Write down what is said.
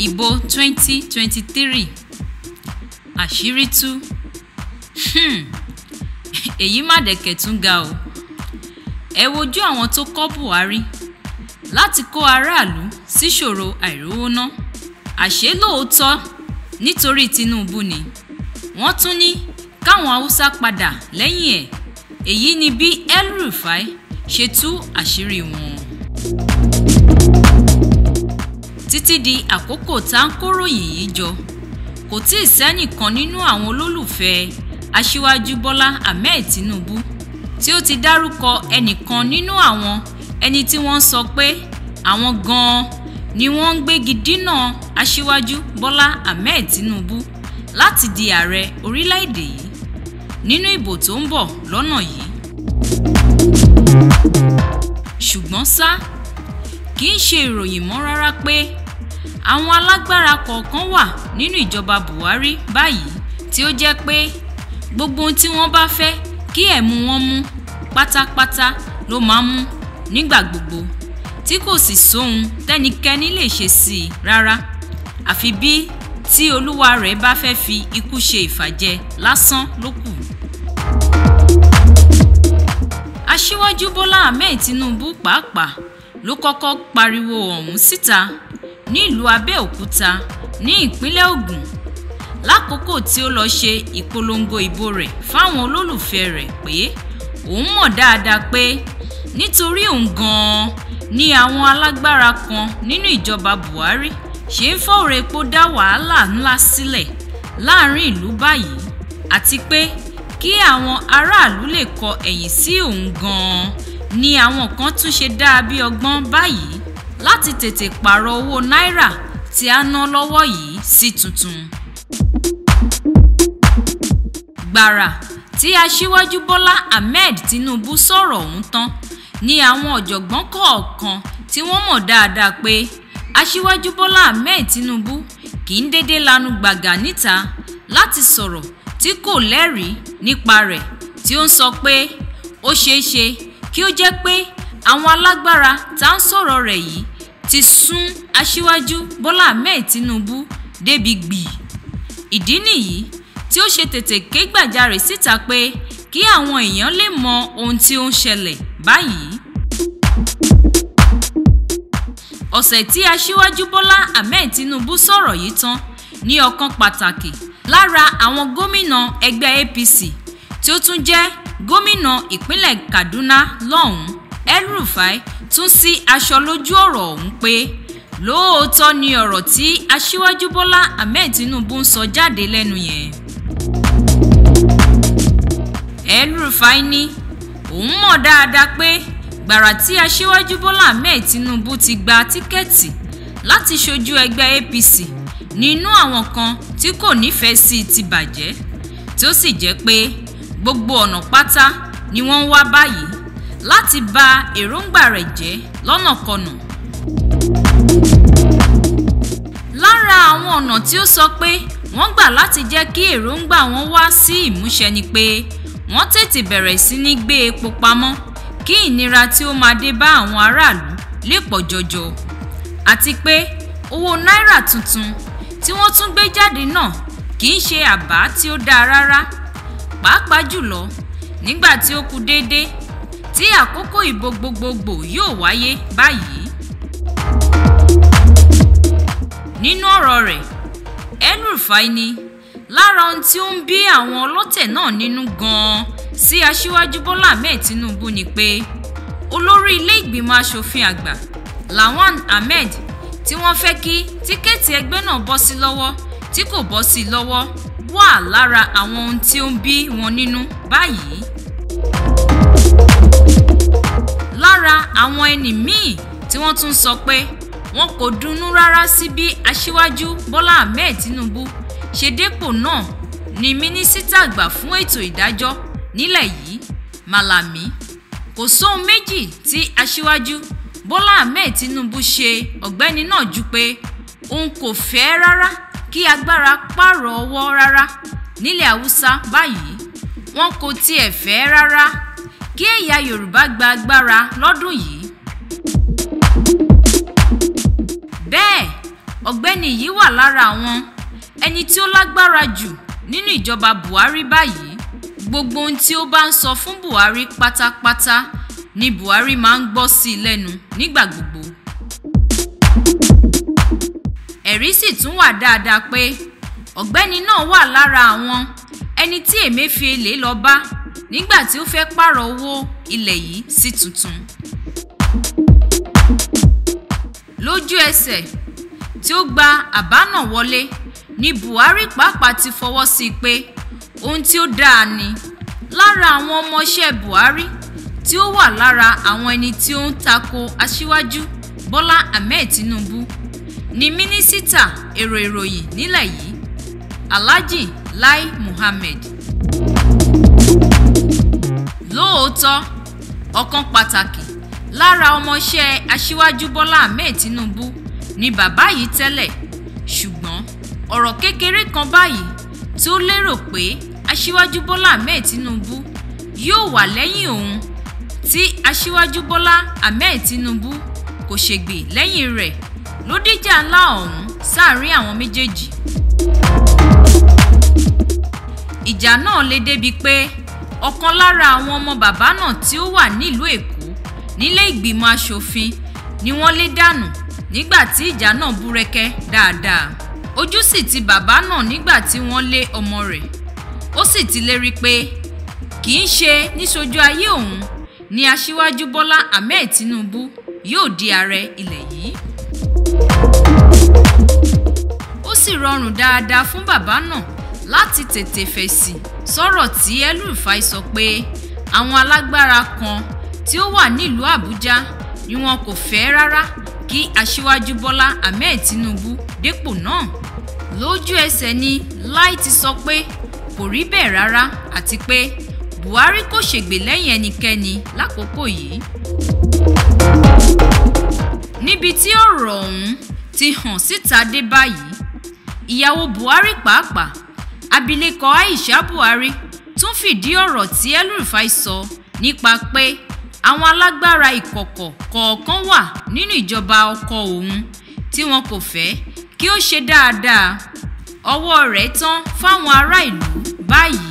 Ibo 2023 àṣírí tú hmm. èyí má dẹ̀kẹ̀ tún ga o ẹ wojú àwọn tó kọ́ Buhari láti kó aráàlú síṣòro àìrówóná àṣé lóòótọ́ nítorí Tinubu ni wọ́n tún ní káwọn haúsá padà lẹ́yìn ẹ̀ èyí ni bí El Rufai ṣe tú àṣírí wọn. thank you títí di àkókò tá à ń kóròyìn yìí jọ kò tí ì sẹ́nìkan nínú àwọn olólùfẹ́ aṣíwájú bọ́lá ahmed tinubu tí ó ti dárúkọ ẹnìkan nínú àwọn ẹni tí wọ́n sọ pé àwọn gan-an ni wọ́n ń gbégi dínà aṣíwájú bọ́lá ahmed tinubu láti di ààrẹ orílẹ̀-èdè yìí nínú ìbò tó ń bọ̀ lọ́nà yìí. ṣùgbọ́n ṣá kì í ṣe ìròyìn mọ́ rárá pé àwọn alágbára kọ̀ọ̀kan wà nínú ìjọba Buhari báyìí tí ó jẹ́ pé gbogbo ohun tí wọ́n bá fẹ́ kí ẹ̀mú wọn mú pátápátá ló máa mú nígbà gbogbo tí kò sì sóhun tẹ́nikẹ́ni lè ṣe sí i rárá àfi bí tí olúwa rẹ̀ bá fẹ́ fi ikú ṣe ìfàjẹ lásán ló kù. aṣíwájú Bọ́lá Ahmed Tinubu pàápàá ló kọ́kọ́ pariwo ọ̀hún síta nílùú Abẹ́òkúta ní ìpínlẹ̀ Ògùn lákòókò tí ó lọ ṣe ìpolongo ìbò rẹ̀ fáwọn olólùfẹ́ rẹ̀ pé òun mọ̀ dáadáa pé nítorí òun gan-an ni àwọn alágbára kan nínú ìjọba Buhari ṣe ń fọ̀rọ̀ epo dá wàhálà ńlá sílẹ̀ láàrin ìlú báyìí àti pé kí àwọn aráàlú lè kọ ẹ̀yìn sí òun gan-an ni àwọn kan tún ṣe dáa bí ọgbọ́n báyìí láti tètè pààrọ̀ owó náírà tí a ná lọ́wọ́ yìí sí tuntun. gbàrà tí aṣíwájú bọ́lá ahmed tinubu sọ̀rọ̀ ọ̀hún tán ni àwọn ọ̀jọ̀gbọ́n kọ̀ọ̀kan tí wọ́n mọ̀ dáadáa pé aṣíwájú bọ́lá ahmed tinubu kì í dédé lanu gbàgà níta láti sọ̀rọ̀ tí kò lẹ́rìí nípa rẹ̀ tí ó ń sọ pé ó ṣeé ṣe kí ó jẹ́ pé àwọn alágbára tá ń sọ̀rọ̀ rẹ̀ yìí ti sún aṣíwájú bọ́lá ahmed tinubu débi gbì ìdí nìyí tí ó ṣe tètè ké gbàjarè síta pé kí àwọn èèyàn lè mọ ohun tí ó ń ṣẹlẹ̀ báyìí. ọ̀sẹ̀ tí aṣíwájú bọ́lá ahmed tinubu sọ̀rọ̀ yìí tán ní ọ̀kan pàtàkì lára àwọn gómìnà ẹgbẹ́ apc tí ó tún jẹ́ gómìnà ìpínlẹ̀ kaduna lọ́hùn-ún El-Rufai tún sí aṣọ lójú ọ̀rọ̀ ọ̀hún pé lóòótọ́ ni ọ̀rọ̀ tí aṣíwájú Bọ́lá Ahmed Tinubu ń sọ jáde lẹ́nu yẹn. El-Rufai ní òun mọ̀ dáadáa pé gbàrà tí aṣíwájú Bọ́lá Ahmed Tinubu ti gba tíkẹ́ẹ̀tì láti ṣojú ẹgbẹ́ APC nínú àwọn kan tí kò nífẹ̀ẹ́ sí ti bàjẹ́ tí sì jẹ́ pé gbogbo ọ̀nà pátá ni wọ́n ń wá báyìí láti ba èròǹgbà rẹ̀ jẹ́ lọ́nàkọnà. lára àwọn ọ̀nà tí ó sọ pé wọ́n gbà láti jẹ́ kí èròǹgbà wọn wá sí ìmúṣẹ ni pé wọ́n tètè bẹ̀rẹ̀ sí ní gbé epo pamọ́ kí ìnira tí ó máa dé bá àwọn aráàlú lè pọ̀ jọjọ àti pé owó náírà tuntun tí wọ́n tún gbé jáde náà kì í ṣe àbá tí ó dáa rárá pàápàá jùlọ nígbà tí ó kù déédéé tí àkókò ìbò gbogbogbò yóò wáyé báyìí. nínú ọ̀rọ̀ rẹ̀ El-Rufai ni lára ohun tí ó ń bí àwọn ọlọ́tẹ̀ náà nínú gan-an sí aṣíwájú Bọ́lá Ahmed Tinubu ni pé olórí ilé ìgbìmọ̀ asòfin àgbà Lawan Ahmed tí wọ́n fẹ́ kí tíkẹ́ẹ̀tì ẹgbẹ́ náà bọ́ sí lọ́wọ́ tí kò bọ́ sí lọ́wọ́ wà lára àwọn ohun tí ó ń bí wọn nínú báyìí lára àwọn ẹni míì tí wọ́n tún sọ pé wọn kò dunnú rárá sí bí aṣíwájú Bọ́lá Ahmed Tinubu ṣe dépò náà ni mínísítà àgbà fún ètò ìdájọ́ nílẹ̀ yìí Malami kò sóhun méjì tí aṣíwájú Bọ́lá Ahmed Tinubu ṣe ọ̀gbẹ́ni náà ju pé òun kò fẹ́ rárá kí agbára pààrọ̀ ọwọ́ rárá nílẹ̀ haúsá báyìí wọn kò tiẹ̀ fẹ́ rárá kí ẹ̀yà Yorùbá gba agbára lọ́dún yìí. bẹ́ẹ̀ ọ̀gbẹ́ni yìí wà lára àwọn ẹni tí ó lágbára jù nínú ìjọba Buhari báyìí gbogbo ohun tí ó bá ń sọ fún Buhari pátápátá ni Buhari máa ń gbọ́ sí i lẹ́nu nígbà gbogbo. ẹ̀rí sì tún wà dáadáa pé ọ̀gbẹ́ni náà wà lára àwọn ẹni tí Emefiele lọ bá nígbà tí ó fẹ́ pààrọ̀ owó ilẹ̀ yìí sí tuntun. lójú ẹsẹ̀ tí ó gba àbá náà wọlé ní Buhari pàápàá ti fọwọ́ sí i pé ohun tí ó dáa ni lára àwọn ọmọọṣẹ́ Buhari tí ó wà lára àwọn ẹni tí ó ń tako aṣíwájú Bọ́lá Ahmed Tinubu ni mínísítà èrò ìròyìn nílẹ̀ yìí Alhaji Lai Muhammed lóòótọ́ ọ̀kan pàtàkì lára ọmọọṣẹ́ aṣíwájú bọ́lá ahmed tinubu ni bàbá yìí tẹ́lẹ̀ ṣùgbọ́n ọ̀rọ̀ kékeré kan báyìí tí ó lérò pé aṣíwájú bọ́lá ahmed tinubu yóò wà lẹ́yìn òun tí aṣíwájú bọ́lá ahmed tinubu kò ṣègbè lẹ́yìn rẹ̀ ló dìjà ńlá ọ̀hún sáàrin àwọn méjèèjì ìjà náà lè débi pé ọ̀kan lára àwọn ọmọ bàbá náà tí ó wà nílùú èkó nílé ìgbìmọ̀ asòfin ni wọ́n lé dànù nígbà tí ìjà náà búrẹ́kẹ́ dáadáa ojú sì ti bàbá náà nígbà tí wọ́n lé ọmọ rẹ̀ ó sì ti lérí pé kì í ṣe níṣojú ayé òun ni aṣíwájú bọ́lá ahmed tinubu yóò di ààrẹ ilẹ̀ yìí ó sì rọrùn dáadáa fún bàbá náà láti tètè fèsì sọ̀rọ̀ tí El-Rufai sọ pé àwọn alágbára kan tí ó wà nílùú Àbújá ni wọn kò fẹ́ rárá kí aṣíwájú Bọ́lá Ahmed Tinubu dépò náà lójú ẹsẹ̀ ni Lai ti sọ pé kò rí bẹ́ẹ̀ rárá àti pé Buhari kò ṣègbè lẹ́yìn ẹnikẹ́ni lákòókò yìí. níbi tí ọ̀rọ̀ ọ̀hún ti hàn síta dé báyìí ìyàwó Buhari pàápàá abilékọ Aisha Buhari tún fìdí ọ̀rọ̀ tí El-Rufai sọ nípa pé àwọn alágbára ìkọ̀kọ̀ kọ̀ọ̀kan wà nínú ìjọba ọkọ òun tí wọn kò fẹ́ kí ó ṣe dáadáa ọwọ́ rẹ̀ tán fáwọn ará ìlú báyìí.